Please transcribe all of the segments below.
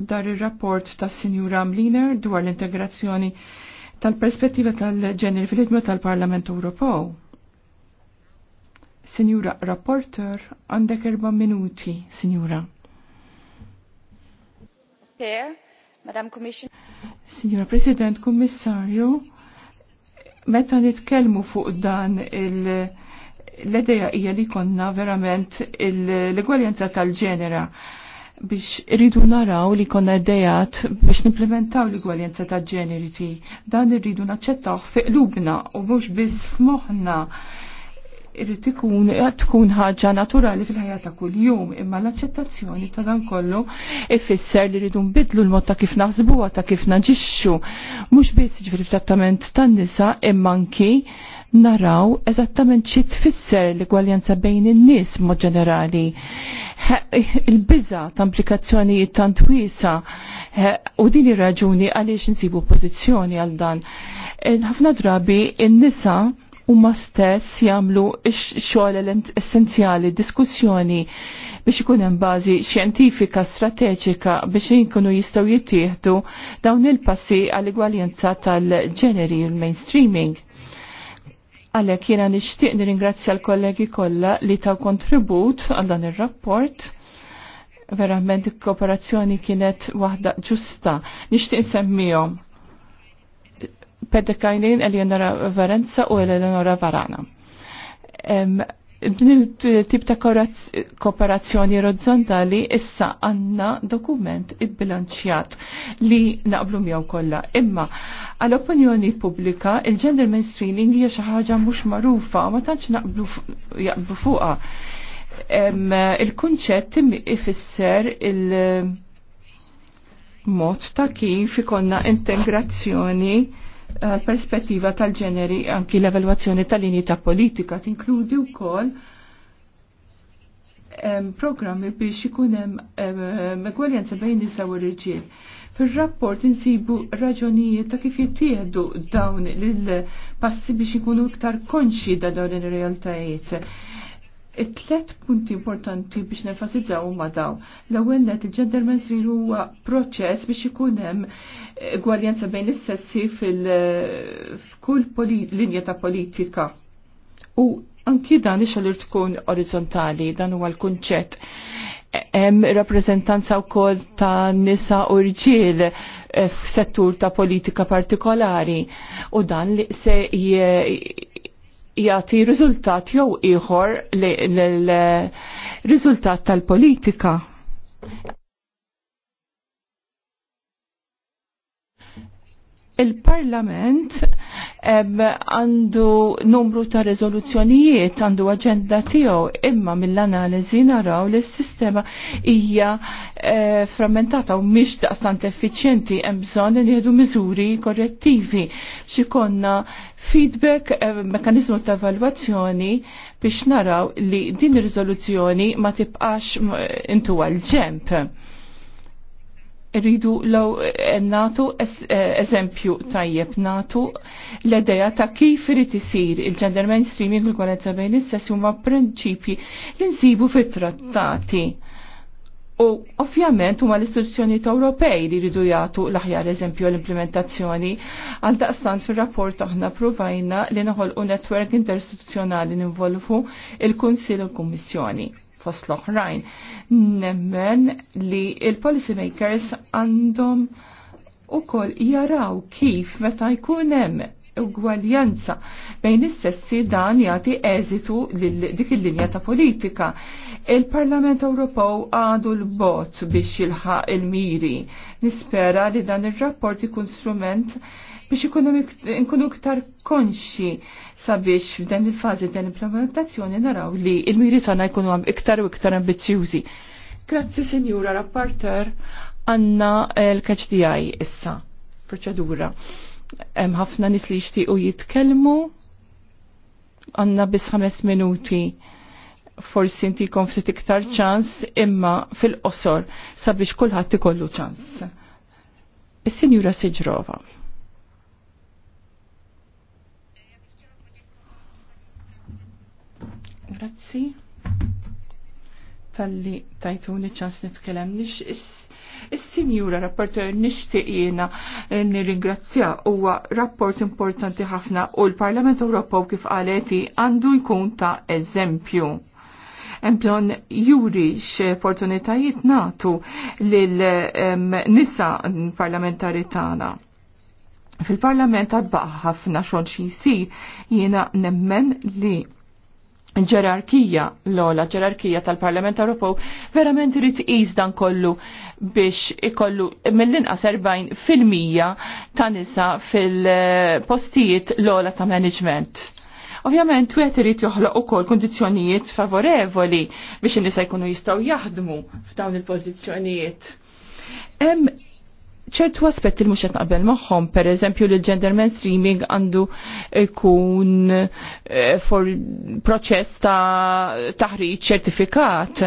dar ir-rapport tas Sinjura Mliner dwar l-integrazzjoni tal-perspettiva tal ġenri fil-ħidma tal-Parlament Ewropew. Sinjura Rapporter, għandek erba' minuti, Sinjura. Madam Signora President, Kommissarju, meta nitkellmu fuq dan il- l-edeja hija li konna verament l-egwaljenza tal-ġenera biex irridu naraw li konna dejat biex nimplementaw l-igwaljenza ta' ġeneriti. Dan irridu naċċettaw fiqlubna u mhux biss f'moħħna irrid ikun tkun ħaġa naturali fil-ħajja ta' kuljum, imma l-aċċettazzjoni ta' dan kollu ifisser li rridu nbidlu l-mod ta' kif naħsbuha ta' kif naġixxu, mhux biss jiġifieri f'trattament tan-nisa imma anki naraw eżattament xi tfisser l-igwaljanza bejn in-nies mod ġenerali. Il-biża ta' implikazzjonijiet tant wiesa u din ir-raġuni għaliex insibu pożizzjoni għal dan. E, ħafna drabi in-nisa huma stess jagħmlu x-xogħol essenzjali, diskussjoni biex ikun hemm bażi xjentifika strateġika biex inkunu jistgħu jittieħdu dawn il-passi għall-igwaljenza tal-ġeneri l mainstreaming Għalhekk jiena nixtieq nirringrazzja l-kollegi kollha li taw kontribut għal dan ir-rapport verament kooperazzjoni kienet waħda ġusta. Nixtieq nsemmihom Pedekajnin, Eleonora Varenza u Eleonora Varana. Din il-tip ta' kooperazzjoni orizzontali issa għanna dokument ibbilanċjat li naqblu miegħu kollha. Imma għall-opinjoni pubblika il-gender mainstreaming hija xi ħaġa mhux magħrufa ma tantx naqblu jaqblu fuqha. Il-kunċett ifisser il-mod ta' kif ikonna integrazzjoni Eh, perspettiva tal-ġeneri anki l-evalwazzjoni tal-linji ta' politika tinkludi wkoll programmi biex ikun hemm bejn nisa u riġiel. Fir-rapport insibu raġunijiet ta' kif jittieħdu dawn il passi biex ikunu iktar konxi da' dawn ir-realtajiet it-tlet punti importanti biex nefasizzaw ma daw. L-ewwel net il-gender mainstream huwa proċess biex ikun hemm gwaljanza bejn is-sessi fil-kull linja ta' politika. U anki dan ixol tkun orizzontali, dan huwa l-kunċett. Hemm rappreżentanza wkoll ta' nisa u rġiel eh, f'settur ta' politika partikolari u dan li se jati riżultat jew ieħor l-riżultat tal-politika. Il-Parlament għandu numru ta' rezoluzzjonijiet, għandu agenda tiegħu, imma mill-analiżi naraw li s-sistema hija eh, frammentata u mhix daqstant effiċjenti hemm bżonn li jieħdu miżuri korrettivi x'ikonna feedback eh, mekanizmu ta' evalwazzjoni biex naraw li din ir-riżoluzzjoni ma tibqax intuwa l ġemp rridu law eh, natu eh, eżempju tajjeb natu l ideja ta' kif irid isir il-gender mainstreaming u l-gwalenza bejn is-sess huma prinċipji li nsibu fit-trattati. U ovvjament huma l istituzzjonijiet Ewropej li jridu jagħtu l-aħjar eżempju l-implementazzjoni għal daqstant fir-rapport aħna provajna li noħolqu netwerk interistituzzjonali nvolvu il-Kunsill u l-Kummissjoni fost l-oħrajn. Nemmen li il-policy makers għandhom u koll jaraw kif meta jkun hemm ugwaljanza. Bejn is-sessi dan jagħti eżitu lil dik il-linja ta' politika. Il-Parlament Ewropew għadu l-bot biex jilħaq il-miri. Nispera li dan ir-rapport ikun strument biex ikunu iktar konxi sabiex f'dan il-fazi dan implementazzjoni naraw li il-miri tagħna jkunu iktar u iktar ambizzjużi. Grazzi Sinjura Rapporter għanna l-KHDI issa, proċedura hemm ħafna nis li jixtiequ jitkellmu. Għandna biss ħames minuti forsi inti jkun ftit iktar ċans imma fil-qosor sabiex kulħadd ikollu ċans. Is-Sinjura Siġrova. Grazzi. Talli tajtuni ċans nitkellem nix Is-Sinjura Rapporter nixtieq jiena nirringrazzja huwa rapport importanti ħafna u l-Parlament Ewropew kif qaleti għandu jkun ta' eżempju bżon juri x-opportunitajiet natu l nisa parlamentari tana. Fil-parlament għadbaħ ħafna xon xi jena jiena nemmen li ġerarkija l-ola, ġerarkija tal-Parlament Ewropew, verament irid qis dan kollu biex ikollu mill-inqas 40 fil-mija ta' nisa fil-postijiet l-ola ta' management. Ovvjament, wieħed irid joħloq ukoll kundizzjonijiet favorevoli biex in-nisa jkunu jistgħu jaħdmu f'dawn il-pożizzjonijiet ċertu aspetti li mhux qed naqbel magħhom, pereżempju li l-gender mainstreaming għandu jkun eh, for proċess ta' taħriġ ċertifikat.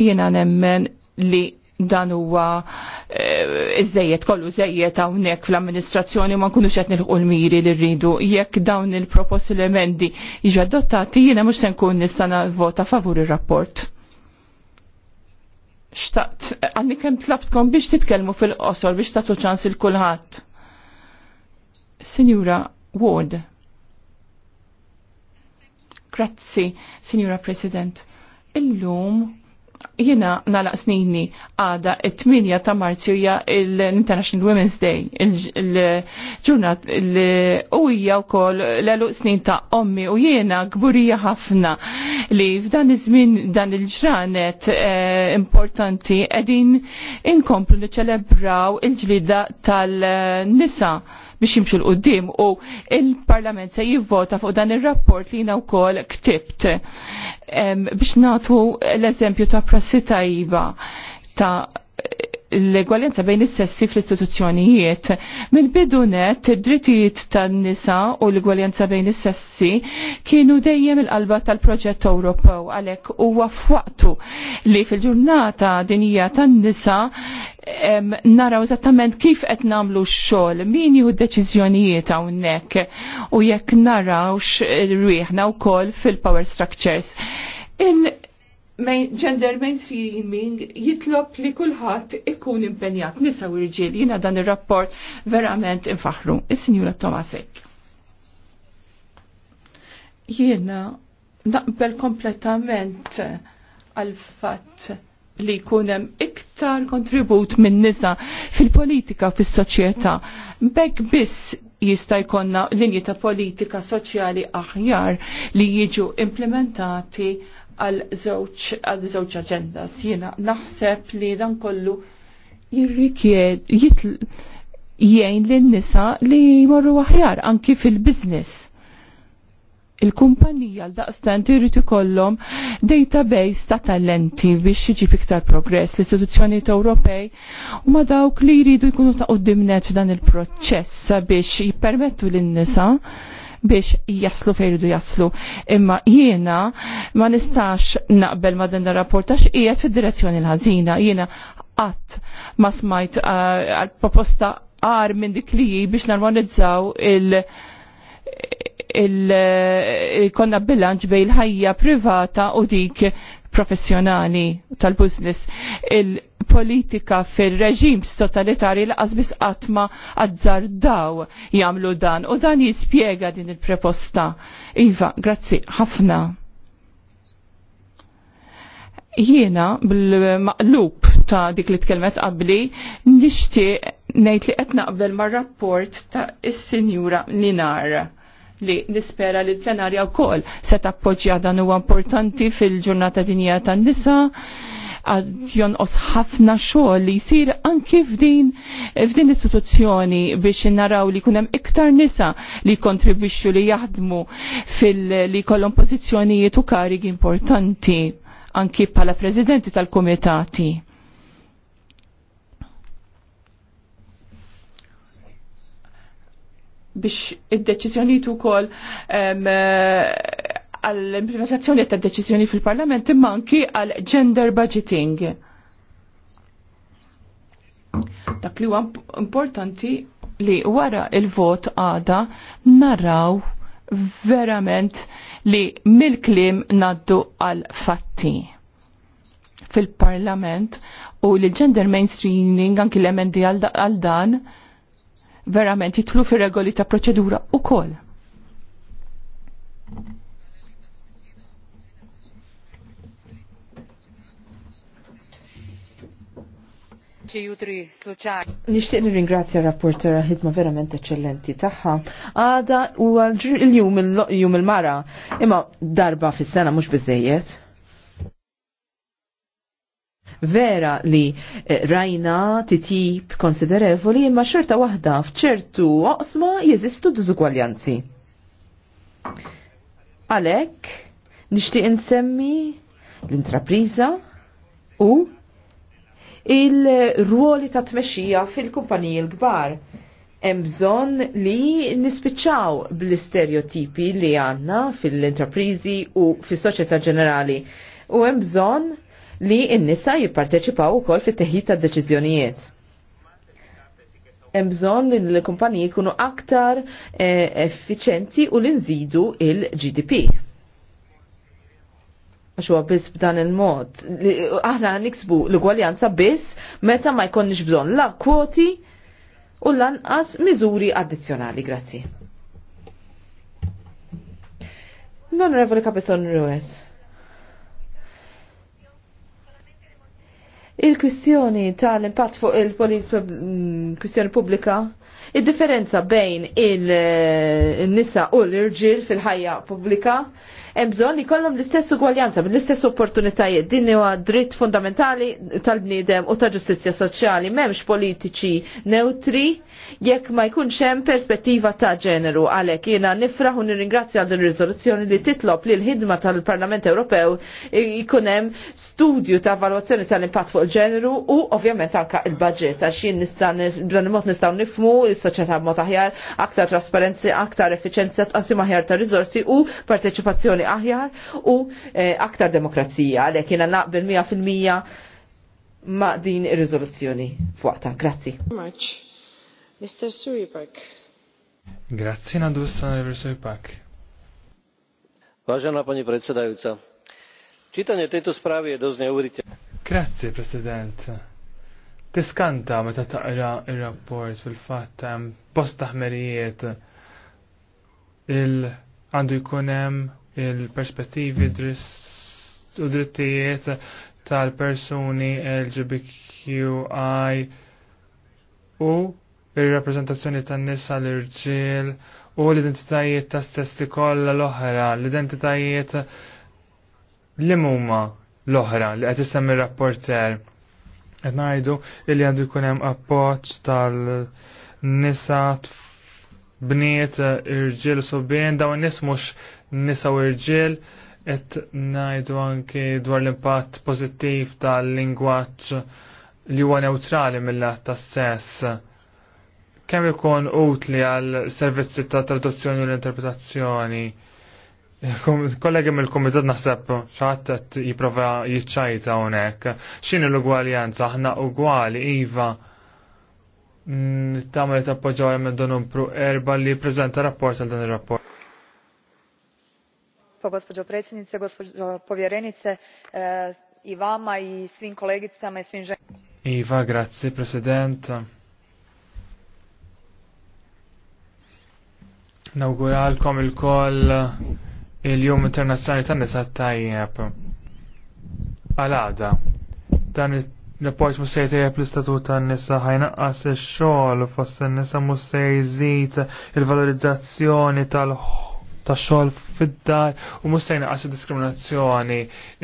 Jiena nemmen li dan huwa eh, iżejjed kollu żejjed hawnhekk fl-amministrazzjoni ma nkunux qed nilħu l-miri li rridu. Jekk dawn il-proposti l-emendi jiġu adottati, jiena mhux se nkun nista' vota favur ir-rapport xtaqt, għanni kem tlabtkom biex titkelmu fil-qosor biex tatu ċans il-kulħat. Signora Ward. Grazzi, Signora President. Illum jina nalaq snini għada 8 ta' marzu hija l-International Women's Day, il-ġurnat u hija wkoll l-eluq snin ta' ommi u jiena gburija ħafna li f'dan iż-żmien dan il-ġranet eh, importanti qegħdin inkomplu niċċelebraw il-ġlida tal-nisa biex jimxu l-qoddim u il-Parlament se jivvota fuq dan il-rapport li jina wkoll ktibt biex natu l-eżempju ta' prassi tajba ta' iva, l-egwaljenza bejn is-sessi fl-istituzzjonijiet. Mill-bidu net, id-drittijiet tan-nisa u l-egwaljenza bejn is-sessi kienu dejjem il-qalba tal-proġett Ewropew għalhekk huwa f'waqtu li fil-ġurnata dinija tan-nisa naraw eżattament kif qed nagħmlu x-xogħol, min jieħu d-deċiżjonijiet hawnhekk u jekk narawx rwieħna wkoll fil-power structures gender mainstreaming jitlob li kulħadd ikun impenjat nisa u rġil jiena dan ir-rapport verament infaħru. Is-Sinjura Tomasek. Jiena naqbel kompletament għal fatt li kunem iktar kontribut minn nisa fil-politika, fil-soċieta. Bek biss jista jkonna linji ta' politika soċjali aħjar li jiġu implementati għal żewġ aġenda. Jiena naħseb li dan kollu jirrikjed jgħin lin nisa li jmorru aħjar anki fil-biznis. Il-kumpanija l-daqstant irrit ikollhom database ta' talenti biex jiġib iktar progress l-istituzzjonijiet Ewropej u ma dawk li jridu jkunu ta' qudimnet f'dan il-proċess biex jippermettu lin nisa biex jaslu fejridu jaslu. Imma jiena ma nistax naqbel ma din rapportax qiegħed fid-direzzjoni l-ħażina. Jiena qatt ma smajt uh, għal-proposta għar minn dik li biex narmonizzaw il- il-konna bilanċ bej il-ħajja privata u dik professjonali tal-business il-politika fil-reġim totalitari l-qasbis għatma għadżardaw jamlu dan u dan jispiega din il-preposta. Iva, grazzi, ħafna. Jiena bil-maqlub ta' dik li tkellmet qabli, nixtieq ngħid li qed naqbel mar-rapport ta' is-Sinjura Linar li nispera li l-plenarja wkoll se tappoġġja dan huwa importanti fil-ġurnata dinja tan-nisa għad jonqos ħafna xogħol li jsir anki f'din f'din istituzzjoni biex naraw li kunem iktar nisa li kontribwixxu li jaħdmu fil-li kollhom pożizzjonijiet u karigi importanti anki bħala presidenti tal-komitati biex id-deċizjoniet ukoll eh, għall-implementazzjoni ta' deċizjoni fil-Parlament imma anki għal gender budgeting. Dak li huwa importanti li wara il-vot għada naraw verament li mill-klim naddu għal fatti fil-parlament u li gender mainstreaming anki l-emendi għal dan verament jitlu fi regoli ta' proċedura u kol. Nishtiq nir nirringrazzja rapportera ħidma verament eccellenti taħħa. Għada u għal-jum il-mara, imma darba fis-sena mux bizzejiet vera li eh, rajna titjib konsiderevoli imma xorta waħda fċertu oqsma jeżistu diżugwaljanzi. Għalek, nishti insemmi l-intrapriża u il-ruoli ta' tmexxija fil-kumpaniji l-kbar bżonn li nispiċċaw bl-istereotipi li għanna fil intrapriżi u fis soċjetà ġenerali. U bżonn li n-nisa jipparteċipaw ukoll fit-teħid tad-deċiżjonijiet. Hemm bżonn li l-kumpaniji jkunu aktar eh, effiċenti u li nżidu il-GDP. Għax huwa biss b'dan il-mod. Aħna niksbu l-ugwaljanza biss meta ma jkollniex bżonn la kwoti u lanqas miżuri addizzjonali. Grazzi. Non Revoli Capison Rues. Il-kwistjoni tal-impatt fuq il-kwistjoni mm, pubblika, il-differenza bejn il-nisa u l-irġil fil-ħajja pubblika, hemm bżonn li jkollhom l-istess ugwaljanza, l-istess opportunitajiet. Din huwa dritt fundamentali tal-bniedem u ta' ġustizzja soċjali. M'hemmx politiċi neutri jekk ma jkunx hemm perspettiva ta' ġeneru. Għalhekk jiena nifraħ u nirringrazzja din riżoluzzjoni li titlob li l-ħidma tal-Parlament Ewropew jkun hemm studju ta' valwazzjoni tal-impatt fuq il-ġeneru u ovvjament anke il-budget għax jien nista' b'dan mod nistgħu nifmu is-soċjetà b'mod aħjar, aktar trasparenzi, aktar effiċenza, tqasim aħjar ta' riżorsi u parteċipazzjoni kontrolli aħjar u eh, aktar demokrazija għalek jena naqbel 100% ma' din il riżoluzzjoni fuqta. Grazzi. Mr. Suipak. Grazzi nadu s-sanavir Suripak. Vážená pani predsedajuca. Čitanje tejto spravi je dosť neuveriteľné. Grazzi, President. Tiskanta ta taqra il-rapport fil-fatt hemm post taħmerijiet il għandu jkun il-perspettivi u drittijiet tal-persuni LGBTQI u il-rappresentazzjoni tan-nisa l-irġiel u l-identitajiet ta' stessi kollha l-oħra, l-identitajiet li huma l-oħra li qed ir rapporter. Qed ngħidu li għandu jkun hemm appoġġ tal-nisa bniet irġiel u subien dawn nis mhux nisa u irġiel qed ngħidu anki dwar l-impatt pożittiv tal-lingwaġġ li huwa neutrali mill għat tas-sess. Kemm ikun utli għal servizzi ta' traduzzjoni u l-interpretazzjoni. Kollegi mill-Kumitat naħseb xaħat għat jipprova jiċċajta hawnhekk. X'inhi l-ugwaljanza? Aħna ugwali iva tamel tappoġġaw minn pru erba li prezenta rapport għal dan ir-rapport gospođo predsjednice gospođo povjerenice e, i vama i svim kolegicama i svim ženama. Iva, grazie Nawguralkom il-koll il-Jum Internazzjonali tan-nisa tajjeb. Għalada, dan il-rapport mhux se jtejjeb l-istatut tan-nisa ħajnaqqas il xogħol fost il nisa mhux se jżid il-valorizzazzjoni tal ħol ta' xogħol fid-dar u mhux se jinqas diskriminazzjoni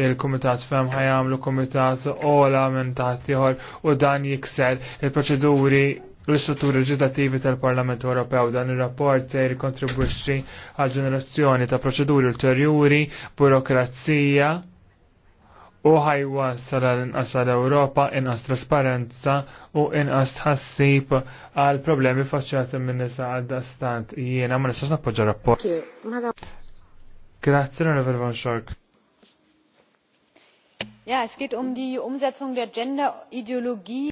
il-kumitat fem ħajamlu kumitat ola minn taħt ieħor u dan jikser il-proċeduri l-istrutturi leġislattivi tal-Parlament Ewropew dan ir-rapport se jikkontribwixxi għal ġenerazzjoni ta' proċeduri ulterjuri, burokrazija, u ħajwa ħajwassal l inqas l Ewropa inqas trasparenza u inqas tħassib għal problemi faċċati minn nisa għadda stant jiena ma nistax nappoġġa rapport. Grazzi l von Schork. Ja, es geht um die Umsetzung der Gender-Ideologie.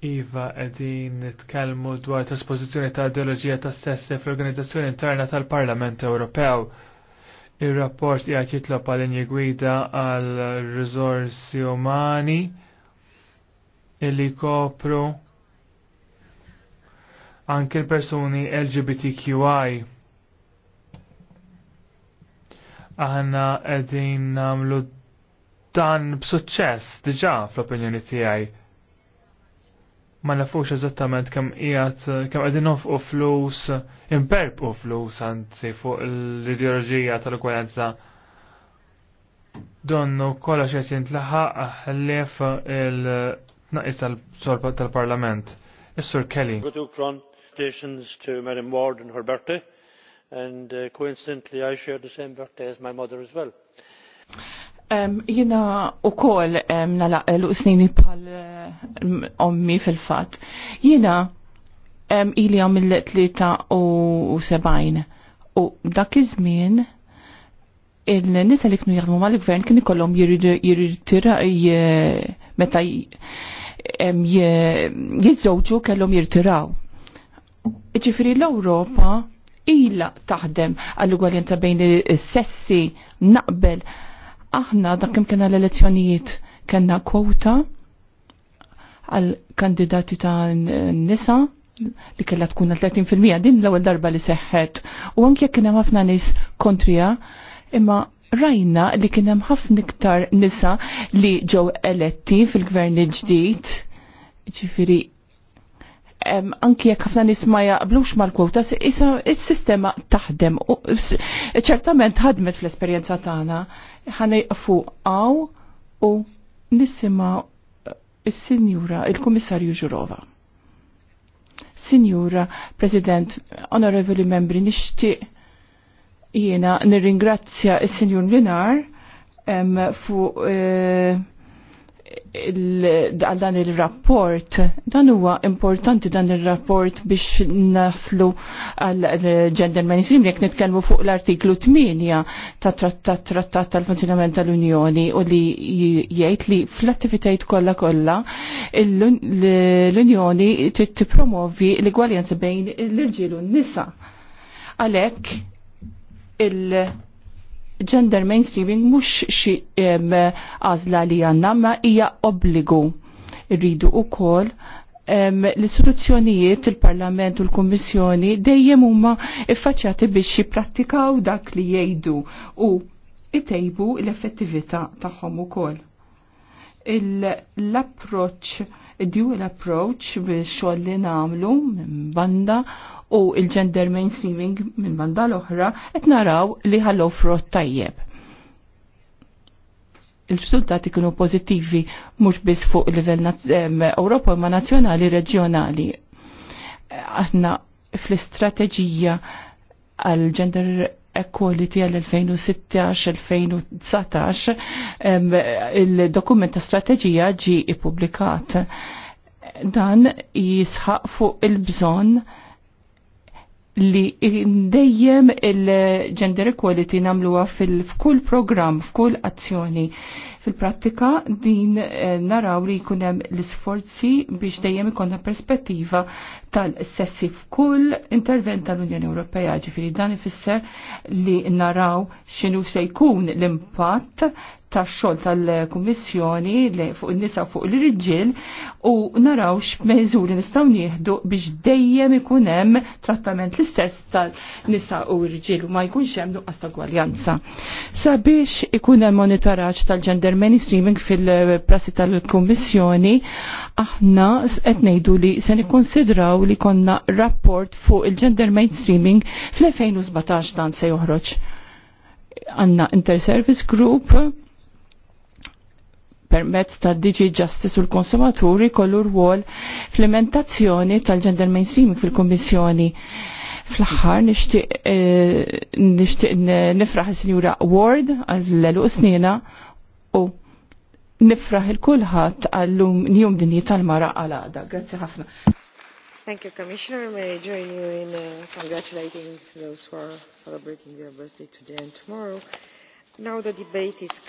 Iva, edin nitkellmu dwar trasposizjoni ta' ideologija ta' stessi fl-Organizzazzjoni Interna tal-Parlament Ewropew Il-rapport jgħat jitlob għal gwida għal rizorsi umani illi kopru anke l-persuni LGBTQI. Aħna qegħdin namlu dan b'suċċess diġà fl-opinjoni tiegħi ma nafux eżattament kem jgħat, kem qegħdin u flus imperb u flus għanzi fuq l ideologija tal-gwajanza donnu kolla xed jintlaħa ħlef il-tnaqis tal-parlament. tal Is-Sur Kelly. Congratulations to Madam Ward and her birthday and uh, coincidentally I share the same birthday as my mother as well jina u kol nalaq eh, l-usnini pal ommi fil-fat. Jina um, ili għam tlita u sebajn. U dak iż-żmien il-nisa li kienu jaħdmu mal-gvern kien ikollhom jirritira meta jiżżewġu kellhom jirtiraw. Ġifieri l-Ewropa ilha taħdem għall-ugwaljanza bejn is-sessi naqbel Aħna dak kemm kena l-elezzjonijiet kena kwota għal kandidati ta' nisa li kella tkun 30% din l-ewwel darba li seħħet. U anke jekk kien hemm ħafna nies kontrija, imma rajna li kien hemm ħafna iktar nisa li ġew eletti fil-gvern il-ġdid, ġifiri anki jekk ħafna nies ma jaqblux mal-kwota, is-sistema taħdem. Ċertament ħadmet fl-esperjenza tagħna ħanej fuqaw u nisima eh, is-sinjura, il-Kummissarju Ġurova. Sinjura, President, Onorevoli Membri, nixtieq jiena nirringrazzja is-Sinjur Linar fuq eh, għal dan il-rapport, dan huwa importanti dan il-rapport biex naslu għal gender mainstream, jek nitkellmu fuq l-artiklu 8 ta' trattat trattat tal-funzjonament tal-Unjoni u li jgħid li fl-attivitajt kollha kollha l-Unjoni trid tippromovi l-igwaljanza bejn l-irġiel u n-nisa. Għalhekk il- gender mainstreaming mhux xi għażla li għandna ma hija obbligu. Rridu ukoll l-istituzzjonijiet, il-Parlament u l-Kommissjoni dejjem huma iffaċċjati biex jipprattikaw dak li jgħidu u itejbu l-effettività tagħhom ukoll. L-approċċ dual approach bil xogħol li nagħmlu minn banda u il-gender mainstreaming minn banda l-oħra qed naraw li ħallew frott tajjeb. Il-riżultati kienu pożittivi mhux biss fuq livell Ewropa ma nazzjonali reġjonali. Aħna fl-istrateġija għal gender equality għal 2016-2019 il-dokument ta' strateġija ġi ippubblikat. Dan jisħaq fuq il-bżon li dejjem il-gender equality namluwa fil-kull program, f'kull azzjoni. Fil-prattika din eh, naraw li jkunem l-sforzi biex dejjem ikonna perspettiva tal-sessi f'kull intervent tal-Unjoni Ewropea, ġifiri dan ifisser li naraw xinu se jkun l-impatt tax-xogħol tal-Kummissjoni fuq il nisa fuq l-irġiel u naraw x'meżuri nistgħu nieħdu biex dejjem ikun hemm trattament l-istess tal-nisa u l irġiel u ma jkunx hemm nuqqas ta' gwaljanza. Sabiex ikun hemm monitoraġġ tal-gender mainstreaming fil-prassi tal-Kummissjoni, aħna qed ngħidu li se nikkonsidraw naraw li konna rapport fuq il-gender mainstreaming fl-2017 dan se joħroġ. Għanna Interservice Group permezz ta' Digi Justice u l-konsumaturi kollu rwol fl-implementazzjoni tal-gender mainstreaming fil-Kommissjoni fl ħar nishtiq nifraħ il-Sinjura Ward għall lelu snina u nifraħ il-kulħat għall-lum njum dinji tal-mara għal-għada. Grazzi ħafna. Thank you, Commissioner. May I join you in uh, congratulating those who are celebrating their birthday today and tomorrow. Now the debate is